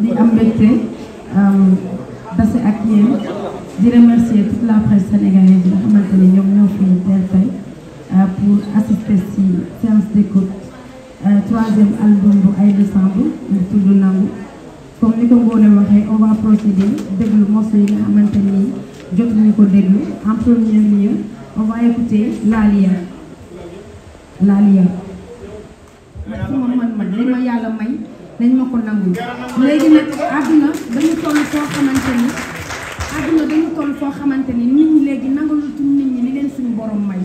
di am mbégte dase euh, ak yéen di remercier toute la presse sénégalaise bi nga ñoom ñoo fi teer tey euh, pour assister ci séance d'écoute euh, troisième album bu Aïda Samb bu tudd comme ni ko waxee on va procéder déglu morceau yi nga xamante ni jot nañu ko déglu en premier lieu on écouter Laalia Laalia sama man dañ ma ko nangul léegi nag àdduna dañu toll foo xamante ni nit ñi léegi nangalutuñ nit ñi li leen suñu borom may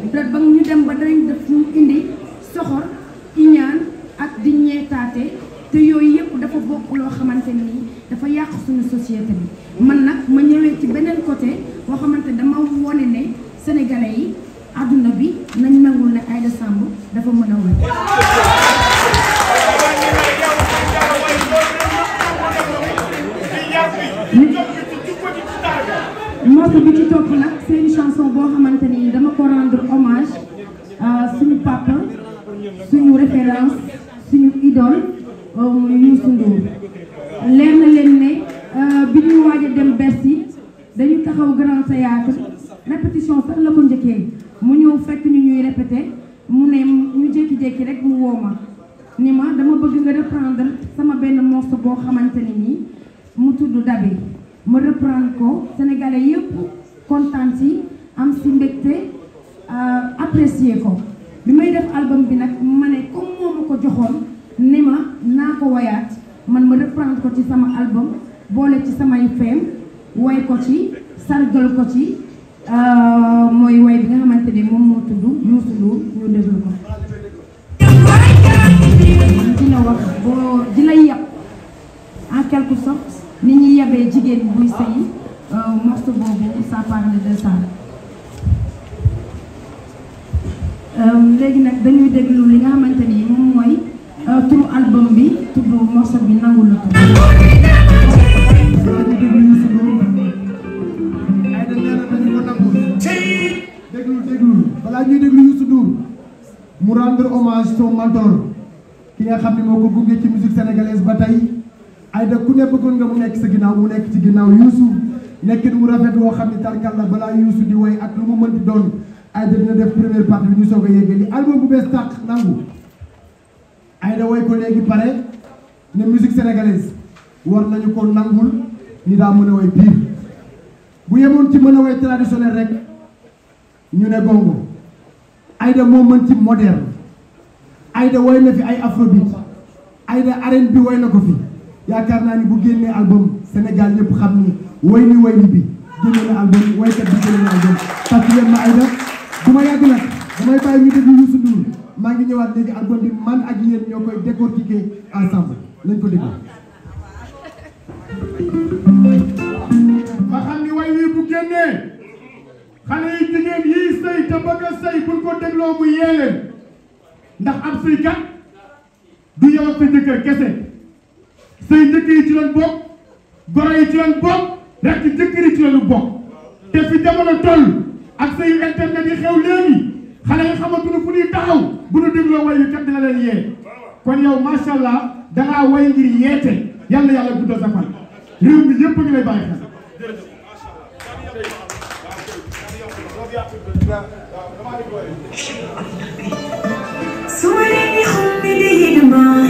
peut-être ba ñu dem ba danañ def ñu indi soxor iñaan ak di ñeetaate te yooyu yëpp dafa bokk loo xamante ni dafa yàq suñu société bi man nag ma ñëwee ci beneen côté boo xamante ni dama wone ne sénégalais yi àdduna bi nañ nangul ne Aïda Samb dafa mën a wér donc bi ci topp nag seen chanson boo xamante ni dama ko rendre hommage euh, suñu papa suñu référence suñu idole euh, Youssou Ndour leer na leen ne euh, bi ñuy waaj a dem Bercy dañu taxaw grand théâtre répétition sax la ko njëkkee mu ñëw fekk ñu ñuy répété mu ne ñu jékki-jékki rek mu woo ma ni ma dama bëgg nga reprendre sama benn morceau boo xamante ni nii mu tudd dabi ma reprendre ko sénégalais yëpp kontaan si am si mbégte euh, apprécier ko bi may def album bi nag ma ne comme moo ma ko joxoon ni ma naa ko woyaat man ma reprendre ko ci sama album boole ci samay feem woy ko ci sargal ko ci euh, mooy woy tuddee jigéen buy sëy euh, morceau boobu ça parle de ça. Euh, léegi nag dañuy déglu li nga xamante ni moom mooy euh, turu album bi tuddu morceau bi nangu la balaa ñuy déglu Youssou Ndour mu rendre hommage son mentor ki nga xam ne moo ko gunge ci musique sénégalaise ba tey Aida ku ne bëggoon nga mu nekk sa ginnaaw mu nekk ci ginnaaw Youssou nekkin mu rafet woo xam ne tarkal la balaa Youssou di woy ak lu mu mën di doon Aida dina def première partie bi ñu soog a yeggali album bu bees tàq nangu Aida woy ko léegi pare ne musique sénégalaise war nañu ko nangul ni daa mën a woy biir bu yemoon ci mën a woy traditionnel rek ñu ne bongo Aida moo mën ci moderne Aida woy na fi ay afrobeat Aida arène bi woy na ko fi yaakaar naa ni bu génnee album Sénégal ñëpp xam ni way ni bi génne na album waykat bi génne na ay def du ma yàgg nag damay bàyyi ñu déglu Youssou Ndour maa ngi ñëwaat léegi album bi man ak yéen ñoo koy décortiquer ensemble lañ ko déglu ma xam ni way wi bu génnee xale yi jigéen yii sëy te bëgg a sëy buñ ko dégloo mu yee ndax am sëykat du yow sa jëkkër kese say njëkk yi ci lañ bokk goro yi ci lañ bokk rek jëkkër yi ci lañu bokk te fi jamono toll ak say internet yi xew léegi xale yi xamatuñu fu ñuy taxaw bu ñu dégloo way yu kat dina leen yee kon yow macha allah way ngir yeete yàlla yàlla guddal a ngi lay bàyyi xel. سوري